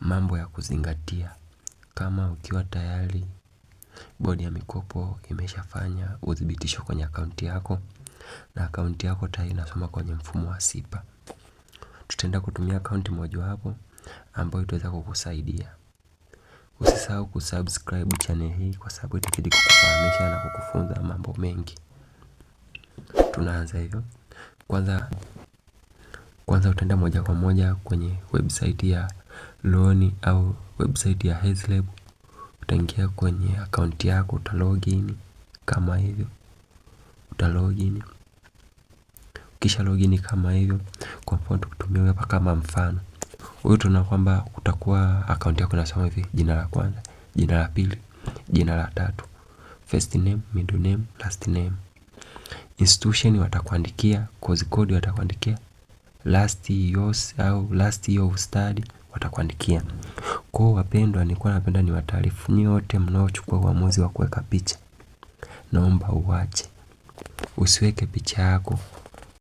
Mambo ya kuzingatia kama ukiwa tayari bodi ya mikopo imeshafanya uthibitisho kwenye akaunti yako na akaunti yako tayari inasoma kwenye mfumo wa sipa. Tutaenda kutumia akaunti mojawapo ambayo itaweza kukusaidia. Usisahau kusubscribe channel hii kwa sababu itazidi kukufahamisha na kukufunza mambo mengi. Tunaanza hivyo. Kwanza kwanza utaenda moja kwa moja kwenye website ya loani au website ya HESLB. Utaingia kwenye akaunti yako, utalogin kama hivyo, utalogin. Kisha login kama hivyo, kwa mfano tukutumia hapa kama mfano huyu, tuna kwamba utakuwa akaunti yako inasoma hivi: jina la kwanza, jina la pili, jina la tatu, first name, middle name, last name. Institution watakuandikia, course code watakuandikia, last years au last year of study watakuandikia. Kwa wapendwa, nilikuwa napenda niwataarifu nyote mnaochukua uamuzi wa kuweka picha. Naomba uwache. Usiweke picha yako